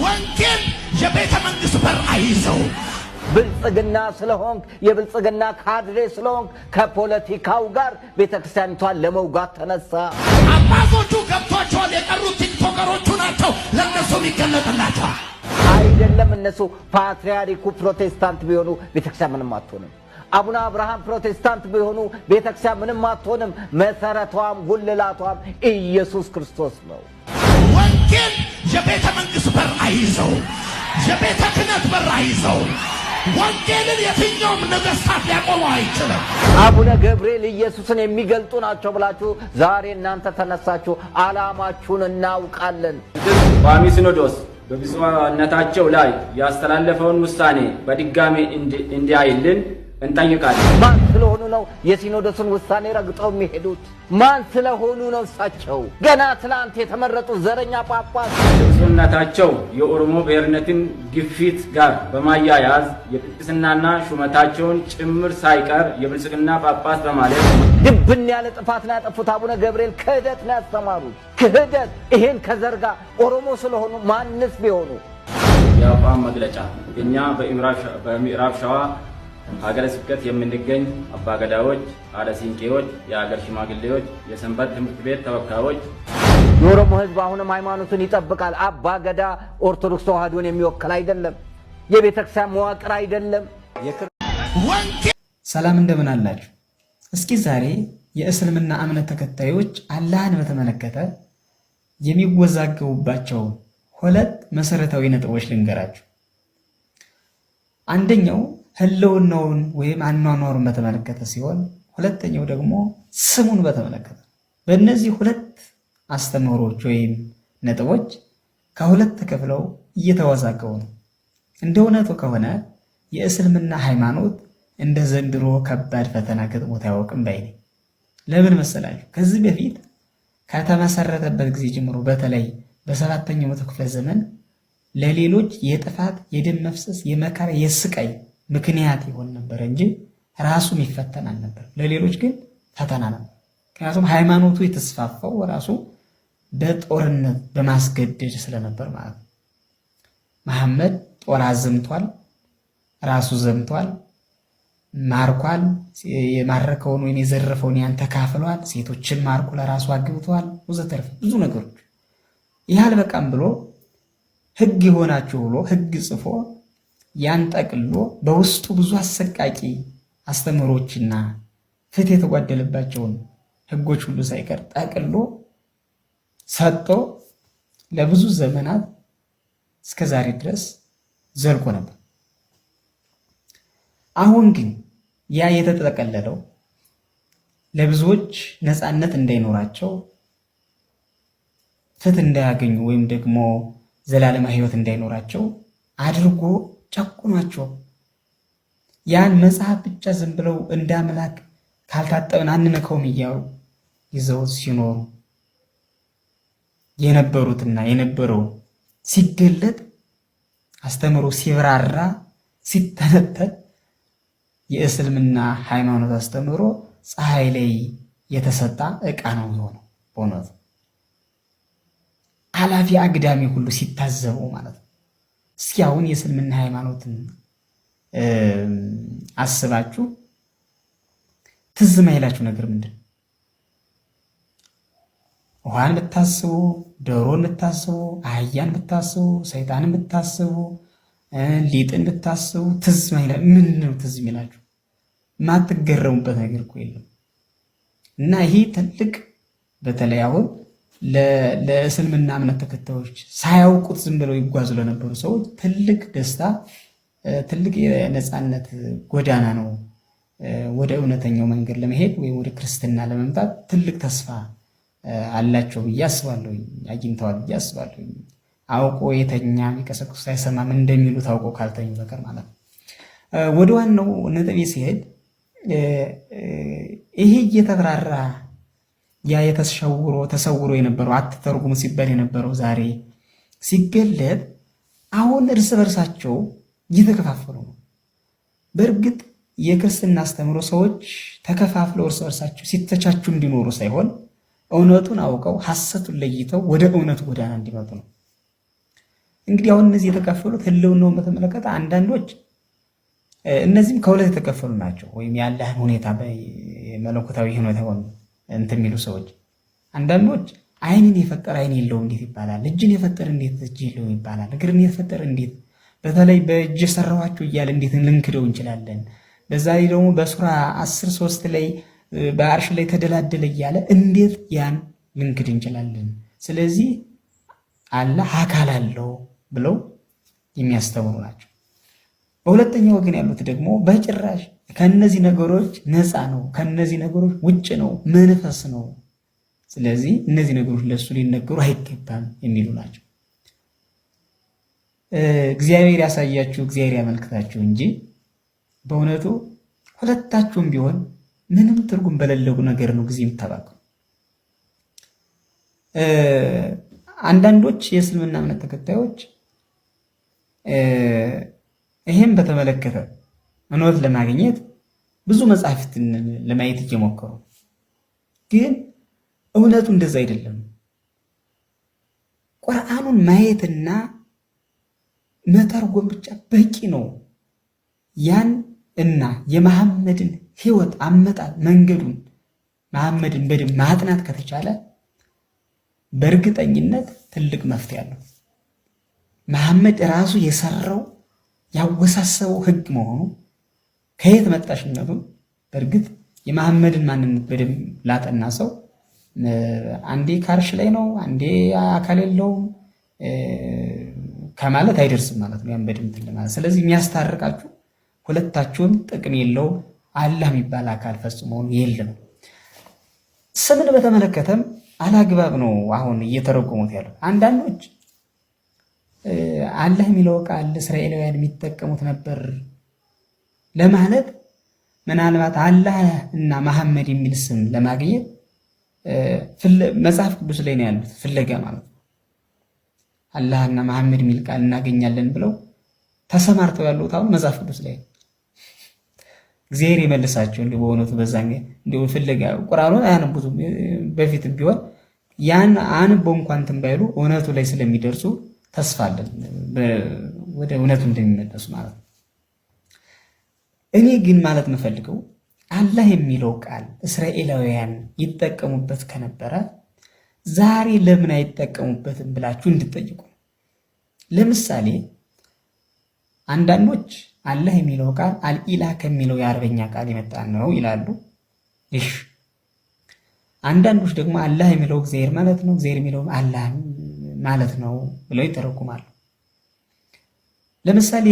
ወንጌል የቤተ መንግስት በር አይዘው። ብልጽግና ስለሆንክ የብልጽግና ካድሬ ስለሆንክ ከፖለቲካው ጋር ቤተ ክርስቲያኒቷን ለመውጋት ተነሳ። አባቶቹ ገብቷቸዋል። የቀሩት ቲክቶከሮቹ ናቸው። ለእነሱ ይገለጥላቸዋል። አይደለም እነሱ ፓትርያርኩ ፕሮቴስታንት ቢሆኑ ቤተክርስቲያን ምንም አትሆንም። አቡነ አብርሃም ፕሮቴስታንት ቢሆኑ ቤተክርስቲያን ምንም አትሆንም። መሰረቷም ጉልላቷም ኢየሱስ ክርስቶስ ነው። ወንጌል የቤተ መንግሥት በር አይዘው፣ የቤተ ክህነት በር አይዘው። ወንጌልን የትኛውም ነገሥታት ሊያቆመው አይችልም። አቡነ ገብርኤል ኢየሱስን የሚገልጡ ናቸው ብላችሁ ዛሬ እናንተ ተነሳችሁ፣ አላማችሁን እናውቃለን። ቋሚ ሲኖዶስ በብፁዕነታቸው ላይ ያስተላለፈውን ውሳኔ በድጋሚ እንዲያይልን እንጠይቃለን። ማን ስለሆኑ ነው የሲኖዶስን ውሳኔ ረግጠው የሚሄዱት? ማን ስለሆኑ ነው እሳቸው? ገና ትላንት የተመረጡ ዘረኛ ጳጳስ ቅስናታቸው የኦሮሞ ብሔርነትን ግፊት ጋር በማያያዝ የቅስናና ሹመታቸውን ጭምር ሳይቀር የብልጽግና ጳጳስ በማለት ድብን ያለ ጥፋት ነው ያጠፉት። አቡነ ገብርኤል ክህደት ነው ያስተማሩት፣ ክህደት። ይሄን ከዘርጋ ኦሮሞ ስለሆኑ ማንስ ቢሆኑ የአቋም መግለጫ እኛ በምዕራብ ሸዋ ሀገረ ስብከት የምንገኝ አባገዳዎች፣ አደ ሲንቄዎች፣ የሀገር ሽማግሌዎች፣ የሰንበት ትምህርት ቤት ተወካዮች የኦሮሞ ህዝብ አሁንም ሃይማኖቱን ይጠብቃል። አባገዳ ኦርቶዶክስ ተዋህዶን የሚወክል አይደለም። የቤተክርስቲያን መዋቅር አይደለም። ሰላም እንደምን አላችሁ? እስኪ ዛሬ የእስልምና እምነት ተከታዮች አላህን በተመለከተ የሚወዛገቡባቸው ሁለት መሰረታዊ ነጥቦች ልንገራችሁ። አንደኛው ህልውናውን ወይም አኗኗሩን በተመለከተ ሲሆን ሁለተኛው ደግሞ ስሙን በተመለከተ በእነዚህ ሁለት አስተምህሮች ወይም ነጥቦች ከሁለት ተከፍለው እየተወዛገቡ ነው። እንደ እውነቱ ከሆነ የእስልምና ሃይማኖት እንደ ዘንድሮ ከባድ ፈተና ገጥሞት አያውቅም ባይ ነኝ። ለምን መሰላችሁ? ከዚህ በፊት ከተመሰረተበት ጊዜ ጀምሮ በተለይ በሰባተኛው መቶ ክፍለ ዘመን ለሌሎች የጥፋት የደም መፍሰስ፣ የመከራ፣ የስቃይ ምክንያት ይሆን ነበር እንጂ ራሱ ይፈተን አልነበር። ለሌሎች ግን ፈተና ነው። ምክንያቱም ሃይማኖቱ የተስፋፋው ራሱ በጦርነት በማስገደድ ስለነበር ማለት ነው። መሐመድ ጦር አዘምቷል፣ ራሱ ዘምቷል፣ ማርኳል። የማረከውን ወይም የዘረፈውን ያን ተካፍሏል። ሴቶችን ማርኩ ለራሱ አግብተዋል፣ ወዘተርፈ ብዙ ነገሮች። ይህ አልበቃም ብሎ ህግ ይሆናችሁ ብሎ ህግ ጽፎ ያን ጠቅሎ በውስጡ ብዙ አሰቃቂ አስተምህሮችና ፍት የተጓደለባቸውን ህጎች ሁሉ ሳይቀር ጠቅሎ ሰጥቶ ለብዙ ዘመናት እስከ ዛሬ ድረስ ዘልቆ ነበር። አሁን ግን ያ የተጠቀለለው ለብዙዎች ነፃነት እንዳይኖራቸው ፍት እንዳያገኙ ወይም ደግሞ ዘላለማ ህይወት እንዳይኖራቸው አድርጎ ጨቁናቸው ያን መጽሐፍ ብቻ ዝም ብለው እንደ አምላክ ካልታጠብን አንነከውም እያሉ ይዘው ሲኖሩ የነበሩትና የነበረው ሲገለጥ አስተምሮ ሲብራራ ሲተነተን የእስልምና ሃይማኖት አስተምሮ ፀሐይ ላይ የተሰጣ እቃ ነው የሆነው። በእውነቱ አላፊ አግዳሚ ሁሉ ሲታዘበው ማለት ነው። እስኪ አሁን የእስልምና ሃይማኖትን አስባችሁ ትዝ ማይላችሁ ነገር ምንድን ነው? ውሃን ብታስቡ፣ ዶሮን ብታስቡ፣ አህያን ብታስቡ፣ ሰይጣንን ብታስቡ፣ ሊጥን ብታስቡ ትዝ ማይላ ምን ነው ትዝ የሚላችሁ? ማትገረሙበት ነገር እኮ የለም። እና ይሄ ትልቅ በተለይ አሁን ለእስልምና እምነት ተከታዮች ሳያውቁት ዝም ብለው ይጓዙ ለነበሩ ሰዎች ትልቅ ደስታ፣ ትልቅ የነፃነት ጎዳና ነው። ወደ እውነተኛው መንገድ ለመሄድ ወይም ወደ ክርስትና ለመምጣት ትልቅ ተስፋ አላቸው ብዬ አስባለሁ። አግኝተዋል ብዬ አስባለሁ። አውቆ የተኛ የሚቀሰቅሱት አይሰማም እንደሚሉት አውቆ ካልተኙ በቀር ማለት ነው። ወደ ዋናው ነጥቤ ሲሄድ ይሄ እየተብራራ ያ የተሸውሮ ተሰውሮ የነበረው አትተርጉም ሲባል የነበረው ዛሬ ሲገለጥ አሁን እርስ በርሳቸው እየተከፋፈሉ ነው። በእርግጥ የክርስትና አስተምሮ ሰዎች ተከፋፍለው እርስ በርሳቸው ሲተቻቹ እንዲኖሩ ሳይሆን እውነቱን አውቀው ሐሰቱን ለይተው ወደ እውነቱ ጎዳና እንዲመጡ ነው። እንግዲህ አሁን እነዚህ የተከፈሉት ህልውናውን በተመለከተ አንዳንዶች እነዚህም ከሁለት የተከፈሉ ናቸው። ወይም ያለህን ሁኔታ መለኮታዊ ሁኔታ እንትን የሚሉ ሰዎች አንዳንዶች አይንን የፈጠረ አይን የለው እንዴት ይባላል? እጅን የፈጠረ እንዴት እጅ የለው ይባላል? እግርን የፈጠረ እንዴት በተለይ በእጅ የሰራኋቸው እያለ እንዴት ልንክደው እንችላለን? በዛ ላይ ደግሞ በሱራ አስር ሶስት ላይ በአርሽ ላይ ተደላደለ እያለ እንዴት ያን ልንክድ እንችላለን? ስለዚህ አላህ አካል አለው ብለው የሚያስተምሩ ናቸው። በሁለተኛው ወገን ያሉት ደግሞ በጭራሽ ከነዚህ ነገሮች ነፃ ነው፣ ከነዚህ ነገሮች ውጭ ነው፣ መንፈስ ነው። ስለዚህ እነዚህ ነገሮች ለእሱ ሊነገሩ አይገባም የሚሉ ናቸው። እግዚአብሔር ያሳያችሁ፣ እግዚአብሔር ያመልክታችሁ እንጂ በእውነቱ ሁለታችሁም ቢሆን ምንም ትርጉም በሌለው ነገር ነው ጊዜ የምታባክኑ። አንዳንዶች የእስልምና እምነት ተከታዮች ይህም በተመለከተ እውነት ለማግኘት ብዙ መጽሐፍትን ለማየት እየሞከሩ ግን እውነቱ እንደዛ አይደለም። ቁርአኑን ማየትና መተርጎም ብቻ በቂ ነው። ያን እና የመሐመድን ህይወት አመጣል መንገዱን መሐመድን በደንብ ማጥናት ከተቻለ በእርግጠኝነት ትልቅ መፍትሄ አለው። መሐመድ ራሱ የሰራው ያወሳሰበው ህግ መሆኑ ከየት መጣሽነቱ በእርግጥ የመሐመድን ማንነት በደንብ ላጠና ሰው አንዴ ካርሽ ላይ ነው አንዴ አካል የለውም ከማለት አይደርስም ማለት ነው። ያን በደንብ ለማለት ስለዚህ የሚያስታርቃችሁ ሁለታችሁም ጥቅም የለውም። አላህ የሚባል አካል ፈጽሞ የለም። ስምን በተመለከተም አላግባብ ነው አሁን እየተረጎሙት ያሉት አንዳንዶች አለህ የሚለው ቃል እስራኤላውያን የሚጠቀሙት ነበር ለማለት ምናልባት አላህ እና መሐመድ የሚል ስም ለማግኘት መጽሐፍ ቅዱስ ላይ ነው ያሉት ፍለጋ ማለት ነው። አላህ እና መሐመድ የሚል ቃል እናገኛለን ብለው ተሰማርተው ያሉት አሁን መጽሐፍ ቅዱስ ላይ እግዚአብሔር ይመልሳቸው። እንዲ በሆነቱ በዛ እንዲሁ ፍለጋ ቁርአኑ አያነቡ በፊትም ቢሆን ያን አንቦ እንኳን እንትን ባይሉ እውነቱ ላይ ስለሚደርሱ ተስፋ አለን ወደ እውነቱ እንደሚመለሱ ማለት ነው። እኔ ግን ማለት የምፈልገው አላህ የሚለው ቃል እስራኤላውያን ይጠቀሙበት ከነበረ ዛሬ ለምን አይጠቀሙበትም ብላችሁ እንድትጠይቁ። ለምሳሌ አንዳንዶች አላህ የሚለው ቃል አልኢላ ከሚለው የአረበኛ ቃል የመጣ ነው ይላሉ። አንዳንዶች ደግሞ አላህ የሚለው እግዚአብሔር ማለት ነው፣ እግዚአብሔር የሚለው አላህ ማለት ነው ብለው ይተረጉማሉ። ለምሳሌ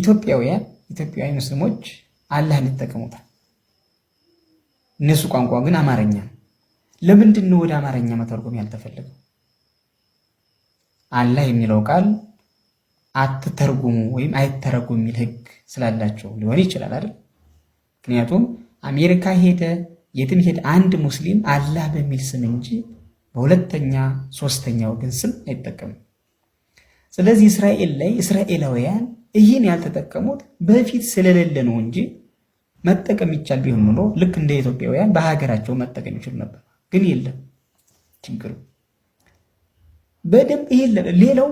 ኢትዮጵያውያን ኢትዮጵያዊ ሙስሊሞች አላህን ይጠቀሙታል። እነሱ ቋንቋ ግን አማርኛ ነው። ለምንድን ነው ወደ አማርኛ መተርጎም ያልተፈለገው? አላህ የሚለው ቃል አትተርጉሙ ወይም አይተረጉም የሚል ህግ ስላላቸው ሊሆን ይችላል አይደል? ምክንያቱም አሜሪካ ሄደ የትም ሄደ አንድ ሙስሊም አላህ በሚል ስም እንጂ በሁለተኛ ሶስተኛው ግን ስም አይጠቀምም። ስለዚህ እስራኤል ላይ እስራኤላውያን ይህን ያልተጠቀሙት በፊት ስለሌለ ነው እንጂ መጠቀም ይቻል ቢሆን ኖሮ ልክ እንደ ኢትዮጵያውያን በሀገራቸው መጠቀም ይችሉ ነበር። ግን የለም ችግሩ በደንብ ይሄ ሌላው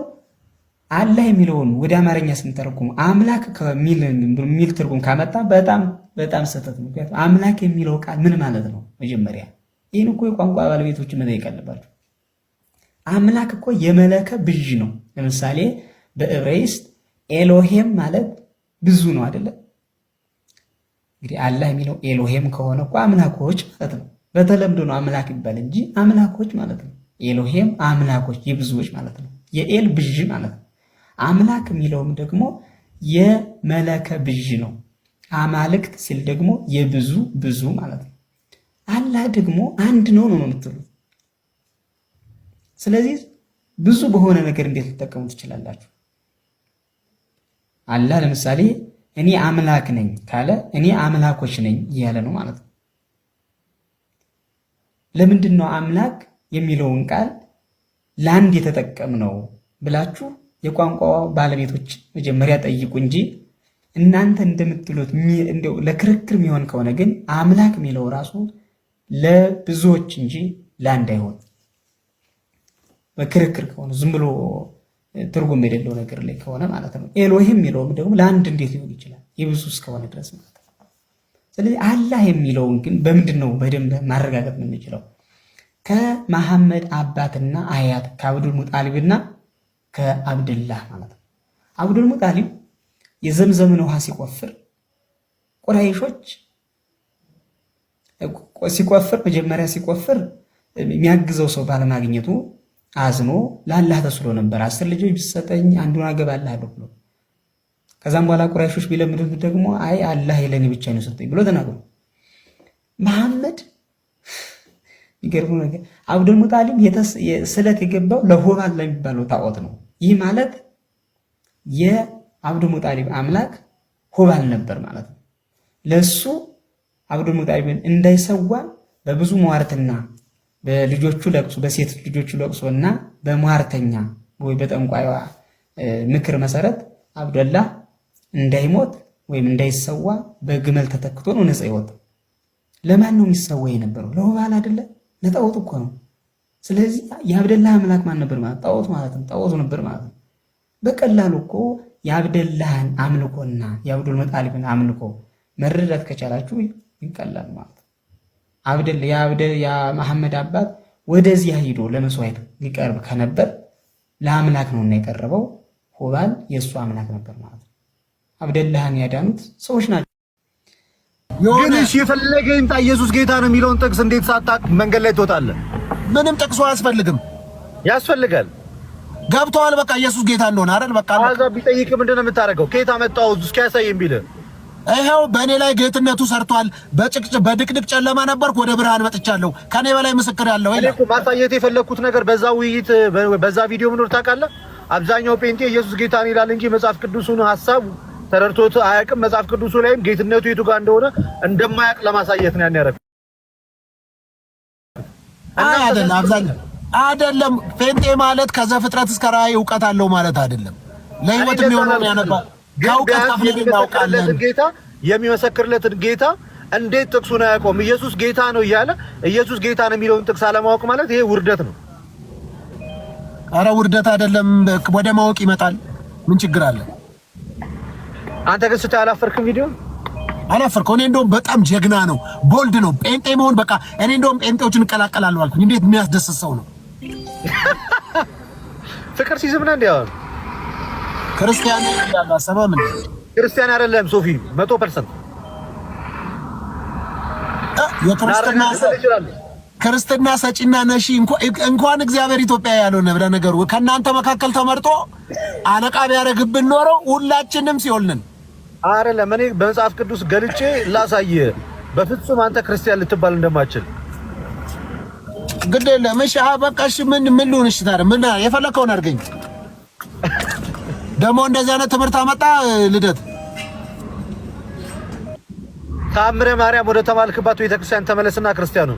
አላህ የሚለውን ወደ አማርኛ ስንተረጉም አምላክ ሚል ትርጉም ካመጣ በጣም በጣም ስህተት። ምክንያቱም አምላክ የሚለው ቃል ምን ማለት ነው? መጀመሪያ ይህን እኮ የቋንቋ ባለቤቶች መጠየቅ አለባቸው። አምላክ እኮ የመለከ ብዥ ነው። ለምሳሌ በዕብራይስጥ ኤሎሄም ማለት ብዙ ነው አይደለም? እንግዲህ አላህ የሚለው ኤሎሄም ከሆነ እኮ አምላኮች ማለት ነው። በተለምዶ ነው አምላክ ይባል እንጂ አምላኮች ማለት ነው። ኤሎሄም አምላኮች፣ የብዙዎች ማለት ነው። የኤል ብዥ ማለት ነው። አምላክ የሚለውም ደግሞ የመለከ ብዥ ነው። አማልክት ሲል ደግሞ የብዙ ብዙ ማለት ነው። አላህ ደግሞ አንድ ነው ነው የምትሉት። ስለዚህ ብዙ በሆነ ነገር እንዴት ልጠቀሙ ትችላላችሁ? አላህ ለምሳሌ እኔ አምላክ ነኝ ካለ እኔ አምላኮች ነኝ እያለ ነው ማለት ነው። ለምንድን ነው አምላክ የሚለውን ቃል ለአንድ የተጠቀም ነው ብላችሁ የቋንቋ ባለቤቶች መጀመሪያ ጠይቁ እንጂ እናንተ እንደምትሉት ለክርክር የሚሆን ከሆነ ግን አምላክ የሚለው ራሱ ለብዙዎች እንጂ ለአንድ አይሆን። በክርክር ከሆነ ዝም ብሎ ትርጉም የሌለው ነገር ላይ ከሆነ ማለት ነው። ኤሎሂም የሚለውም ደግሞ ለአንድ እንዴት ሊሆን ይችላል? የብዙ እስከሆነ ድረስ ማለት ነው። ስለዚህ አላህ የሚለውን ግን በምንድን ነው በደንብ ማረጋገጥ የምንችለው? ከመሐመድ አባትና አያት ከአብዱል ሙጣሊብና ከአብድላህ ማለት ነው። አብዱል ሙጣሊብ የዘምዘምን ውሃ ሲቆፍር ቁረይሾች ሲቆፍር መጀመሪያ ሲቆፍር የሚያግዘው ሰው ባለማግኘቱ አዝኖ ለአላህ ተስሎ ነበር። አስር ልጆች ቢሰጠኝ አንዱን አገባልሃለሁ ብሎ ከዛም በኋላ ቁራይሾች ቢለምዱት ደግሞ አይ አላህ የለኔ ብቻ ነው ሰጠኝ ብሎ ተናግሮ መሐመድ የሚገርመው ነገር አብዱልሙጣሊም ስለት የገባው ለሆባል ለሚባለው ታዖት ነው። ይህ ማለት የአብዱልሙጣሊም አምላክ ሆባል ነበር ማለት ነው ለእሱ አብዱል እንዳይሰዋ በብዙ መዋርትና በልጆቹ ለቅሶ በሴት ልጆቹ ለቅሶ እና በመዋርተኛ ወይ በጠንቋይዋ ምክር መሰረት አብደላ እንዳይሞት ወይም እንዳይሰዋ በግመል ተተክቶ ነው ነፃ ይወጣ። ለማን ነው የሚሰዋ የነበረው? ለወባል አይደለ? ለጣዖት እኮ ነው። ስለዚህ የአብደላ አምላክ ማን ነበር ማለት ጣዖት ማለት ነው። ጣዖቱ ነበር ማለት ነው። በቀላሉ እኮ የአብደላህን አምልኮና የአብዱል መጣሊብን አምልኮ መረዳት ከቻላችሁ ይቀላል ማለት አብደል የአብደ የመሐመድ አባት ወደዚያ ሂዶ ለመስዋዕት ሊቀርብ ከነበር ለአምላክ ነው እና የቀረበው ሁባል የእሱ አምላክ ነበር ማለት ነው። አብደላህን ያዳኑት ሰዎች ናቸው። ግን እሺ የፈለገ ይምጣ ኢየሱስ ጌታ ነው የሚለውን ጥቅስ እንዴት ሳታቅ መንገድ ላይ ትወጣለህ? ምንም ጥቅሱ አያስፈልግም። ያስፈልጋል። ገብተዋል። በቃ ኢየሱስ ጌታ እንደሆነ አይደል? በቃ አዛ ቢጠይቅ ምንድን ነው የምታደርገው? ከየት አመጣው? እስኪ ያሳየኝ ቢልህ ይኸው በእኔ ላይ ጌትነቱ ሰርቷል። በጭቅጭ በድቅድቅ ጨለማ ነበርኩ፣ ወደ ብርሃን መጥቻለሁ። ከኔ በላይ ምስክር ያለው ማሳየት የፈለግኩት ነገር በዛ ውይይት በዛ ቪዲዮ ምኖር ታውቃለህ። አብዛኛው ጴንጤ ኢየሱስ ጌታን ይላል እንጂ መጽሐፍ ቅዱሱን ሀሳብ ተረድቶት አያውቅም። መጽሐፍ ቅዱሱ ላይም ጌትነቱ የቱ ጋር እንደሆነ እንደማያውቅ ለማሳየት ነው ያን ያደረግ አይደለም። አብዛኛው አይደለም ጴንጤ ማለት ከዘፍጥረት እስከ ራእይ እውቀት አለው ማለት አይደለም። ለህይወት የሚሆነውን ያነባል ግን ጌታ የሚመሰክርለትን ጌታ እንዴት ጥቅሱን አያውቀውም? ኢየሱስ ጌታ ነው እያለ ኢየሱስ ጌታ ነው የሚለውን ጥቅስ አለማወቅ ማለት ይሄ ውርደት ነው። አረ ውርደት አይደለም፣ ወደ ማወቅ ይመጣል። ምን ችግር አለ? አንተ ግን ስታይ አላፈርክም? ቪዲዮ አላፈርከው። እኔ እንደውም በጣም ጀግና ነው፣ ቦልድ ነው። ጴንጤ መሆን በቃ እኔ እንደውም ጴንጤዎችን እቀላቀላለሁ አልኩኝ። እንዴት የሚያስደስት ሰው ነው! ፍቅር ሲዝም ነው እንዲያው ክርስቲያን ይላል። ምን ክርስቲያን አይደለም ሶፊ፣ 100% የክርስትና ክርስትና ሰጪና ነሺ እንኳን እግዚአብሔር ኢትዮጵያ ያለው ነብረ ነገሩ ከእናንተ መካከል ተመርጦ አለቃ ቢያደርግብን ኖሮ ሁላችንም ሲሆንን አይደለም። እኔ በመጽሐፍ ቅዱስ ገልጬ ላሳየ በፍጹም አንተ ክርስቲያን ልትባል እንደማችል ግድ የለም። እሺ በቃ እሺ፣ ምን ምን ልሁን? እሺ ታዲያ ምን የፈለከውን አድርገኝ። ደግሞ እንደዚህ አይነት ትምህርት አመጣ ልደት ታምረ ማርያም ወደ ተባልክባት ቤተክርስቲያን ተመለስና ክርስቲያኑ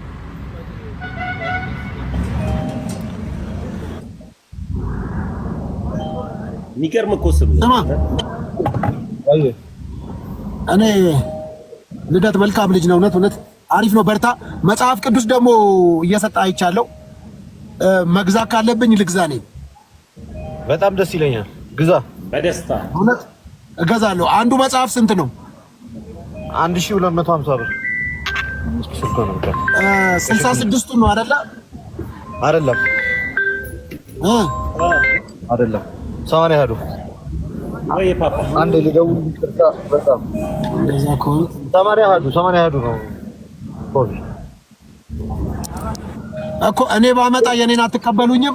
የሚገርም እኮ ስም እኔ ልደት መልካም ልጅ ነው። እውነት እውነት አሪፍ ነው። በርታ። መጽሐፍ ቅዱስ ደግሞ እየሰጠ አይቻለሁ። መግዛት ካለብኝ ልግዛ። እኔ በጣም ደስ ይለኛል። ግዛ በደስታ እውነት እገዛለሁ። አንዱ መጽሐፍ ስንት ነው? 1250 ብር። 66ቱ ነው አይደለ? አይደለም አይደለም፣ ሰማንያ ያህሉ አንድ ልደውል በጣም ሰማንያ ያህሉ ሰማንያ ያህሉ ነው እኮ እኔ ባመጣ የኔን አትቀበሉኝም?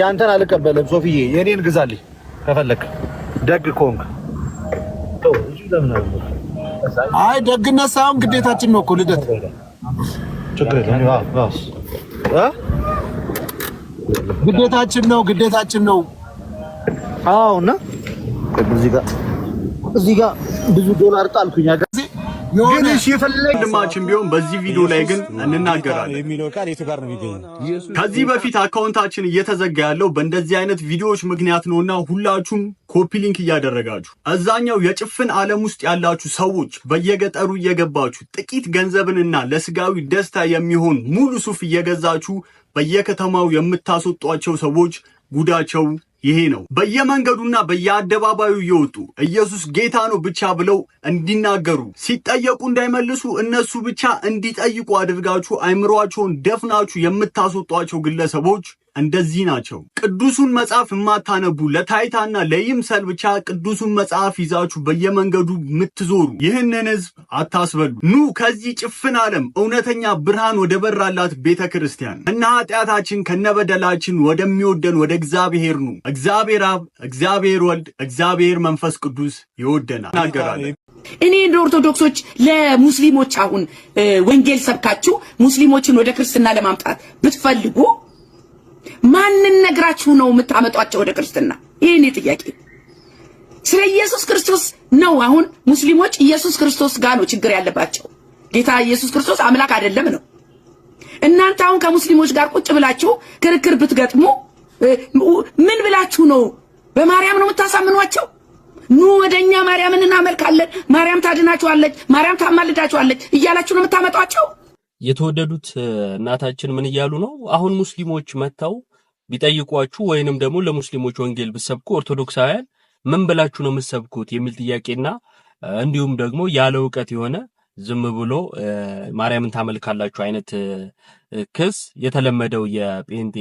ያንተን አልቀበልም። ሶፊዬ የኔን ግዛልኝ ከፈለክ ደግ ኮንክ አይ ደግነት ሳይሆን ግዴታችን ነው እኮ ልደት። ግዴታችን ነው ግዴታችን ነው። አዎ እና እዚህ ጋር እዚህ ጋር ብዙ ዶላር ጣልኩኝ። ግንሽ የፈለግ ድማችን ቢሆን በዚህ ቪዲዮ ላይ ግን እንናገራለን የሚለው ቃል የቱ ጋር ነው የሚገኘው? ከዚህ በፊት አካውንታችን እየተዘጋ ያለው በእንደዚህ አይነት ቪዲዮዎች ምክንያት ነውና ሁላችሁም ኮፒ ሊንክ እያደረጋችሁ እዛኛው የጭፍን ዓለም ውስጥ ያላችሁ ሰዎች በየገጠሩ እየገባችሁ ጥቂት ገንዘብንና ለስጋዊ ደስታ የሚሆን ሙሉ ሱፍ እየገዛችሁ በየከተማው የምታስወጧቸው ሰዎች ጉዳቸው ይሄ ነው። በየመንገዱና በየአደባባዩ እየወጡ ኢየሱስ ጌታ ነው ብቻ ብለው እንዲናገሩ ሲጠየቁ እንዳይመልሱ እነሱ ብቻ እንዲጠይቁ አድርጋችሁ አይምሯቸውን ደፍናችሁ የምታስወጧቸው ግለሰቦች እንደዚህ ናቸው። ቅዱሱን መጽሐፍ የማታነቡ ለታይታና ለይምሰል ብቻ ቅዱሱን መጽሐፍ ይዛችሁ በየመንገዱ የምትዞሩ ይህንን ህዝብ አታስበሉ። ኑ ከዚህ ጭፍን ዓለም እውነተኛ ብርሃን ወደ በራላት ቤተ ክርስቲያን እነ ኃጢአታችን ከነበደላችን ወደሚወደን ወደ እግዚአብሔር ኑ። እግዚአብሔር አብ፣ እግዚአብሔር ወልድ፣ እግዚአብሔር መንፈስ ቅዱስ ይወደናል ይናገራል። እኔ እንደ ኦርቶዶክሶች ለሙስሊሞች አሁን ወንጌል ሰብካችሁ ሙስሊሞችን ወደ ክርስትና ለማምጣት ብትፈልጉ ማንን ነግራችሁ ነው የምታመጧቸው ወደ ክርስትና? ይሄ ጥያቄ። ስለ ኢየሱስ ክርስቶስ ነው። አሁን ሙስሊሞች ኢየሱስ ክርስቶስ ጋር ነው ችግር ያለባቸው። ጌታ ኢየሱስ ክርስቶስ አምላክ አይደለም ነው። እናንተ አሁን ከሙስሊሞች ጋር ቁጭ ብላችሁ ክርክር ብትገጥሙ ምን ብላችሁ ነው? በማርያም ነው የምታሳምኗቸው? ኑ ወደኛ ማርያምን እናመልካለን፣ ማርያም ታድናችኋለች፣ ማርያም ታማልዳችኋለች እያላችሁ ነው የምታመጧቸው? የተወደዱት እናታችን ምን እያሉ ነው? አሁን ሙስሊሞች መጥተው ቢጠይቋችሁ ወይንም ደግሞ ለሙስሊሞች ወንጌል ብትሰብኩ ኦርቶዶክሳውያን ምን ብላችሁ ነው የምትሰብኩት የሚል ጥያቄና እንዲሁም ደግሞ ያለ እውቀት የሆነ ዝም ብሎ ማርያምን ታመልካላችሁ አይነት ክስ የተለመደው የጴንጤ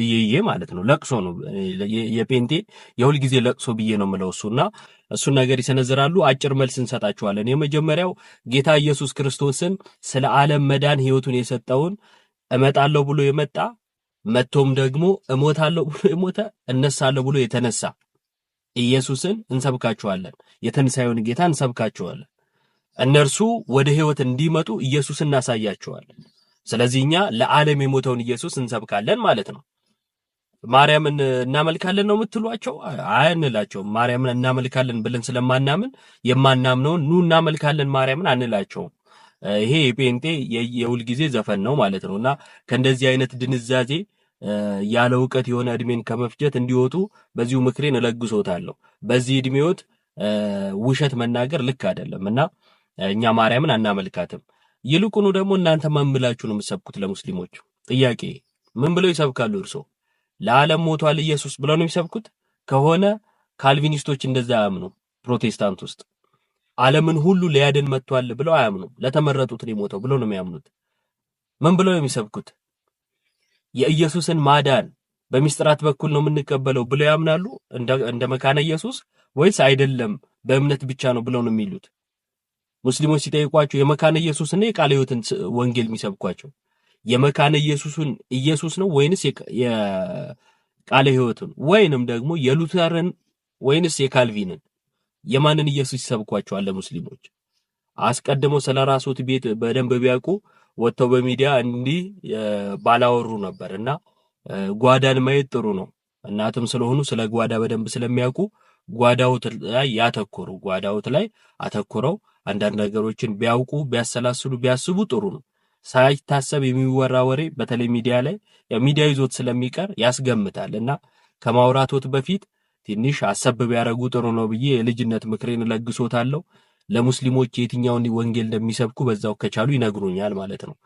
እይዬ ማለት ነው። ለቅሶ ነው የጴንጤ የሁልጊዜ ለቅሶ ብዬ ነው የምለው እሱና እሱን ነገር ይሰነዝራሉ። አጭር መልስ እንሰጣችኋለን። የመጀመሪያው ጌታ ኢየሱስ ክርስቶስን ስለ ዓለም መዳን ህይወቱን የሰጠውን እመጣለሁ ብሎ የመጣ መቶም ደግሞ እሞታለሁ ብሎ የሞተ እነሳለሁ ብሎ የተነሳ ኢየሱስን እንሰብካችኋለን። የተንሳዩን ጌታ እንሰብካችኋለን። እነርሱ ወደ ህይወት እንዲመጡ ኢየሱስ እናሳያቸዋለን። ስለዚህ እኛ ለዓለም የሞተውን ኢየሱስ እንሰብካለን ማለት ነው። ማርያምን እናመልካለን ነው የምትሏቸው? አንላቸውም። ማርያምን እናመልካለን ብለን ስለማናምን የማናምነውን ኑ እናመልካለን ማርያምን አንላቸውም። ይሄ የጴንጤ የውል ጊዜ ዘፈን ነው ማለት ነው። እና ከእንደዚህ አይነት ድንዛዜ ያለ እውቀት የሆነ እድሜን ከመፍጀት እንዲወጡ በዚሁ ምክሬን እለግሶታለሁ። በዚህ እድሜዎት ውሸት መናገር ልክ አይደለም እና እኛ ማርያምን አናመልካትም። ይልቁኑ ደግሞ እናንተ ምን ብላችሁ ነው የምትሰብኩት? ለሙስሊሞች ጥያቄ፣ ምን ብለው ይሰብካሉ? እርሶ ለዓለም ሞቷል ኢየሱስ ብለው ነው የሚሰብኩት ከሆነ ካልቪኒስቶች እንደዛ አያምኑ። ፕሮቴስታንት ውስጥ ዓለምን ሁሉ ሊያድን መጥቷል ብለው አያምኑ። ለተመረጡት ነው የሞተው ብለው ነው የሚያምኑት። ምን ብለው ነው የሚሰብኩት? የኢየሱስን ማዳን በሚስጥራት በኩል ነው የምንቀበለው ብለው ያምናሉ እንደ መካነ ኢየሱስ ወይስ አይደለም በእምነት ብቻ ነው ብለው ነው የሚሉት? ሙስሊሞች ሲጠይቋቸው የመካነ ኢየሱስና የቃለ ሕይወትን ወንጌል የሚሰብኳቸው የመካነ ኢየሱስን ኢየሱስ ነው ወይንስ የቃለ ሕይወትን ወይንም ደግሞ የሉተርን ወይንስ የካልቪንን የማንን ኢየሱስ ይሰብኳቸዋል? ለሙስሊሞች አስቀድመው ስለ ራሶት ቤት በደንብ ቢያውቁ ወጥተው በሚዲያ እንዲህ ባላወሩ ነበር። እና ጓዳን ማየት ጥሩ ነው። እናትም ስለሆኑ ስለ ጓዳ በደንብ ስለሚያውቁ ጓዳውት ላይ ያተኮሩ ጓዳውት ላይ አተኩረው አንዳንድ ነገሮችን ቢያውቁ ቢያሰላስሉ ቢያስቡ ጥሩ ነው። ሳይታሰብ የሚወራ ወሬ በተለይ ሚዲያ ላይ የሚዲያ ይዞት ስለሚቀር ያስገምታል እና ከማውራቶት በፊት ትንሽ አሰብ ቢያደርጉ ጥሩ ነው ብዬ የልጅነት ምክሬን ለግሶታለሁ። ለሙስሊሞች የትኛውን ወንጌል እንደሚሰብኩ በዛው ከቻሉ ይነግሩኛል ማለት ነው።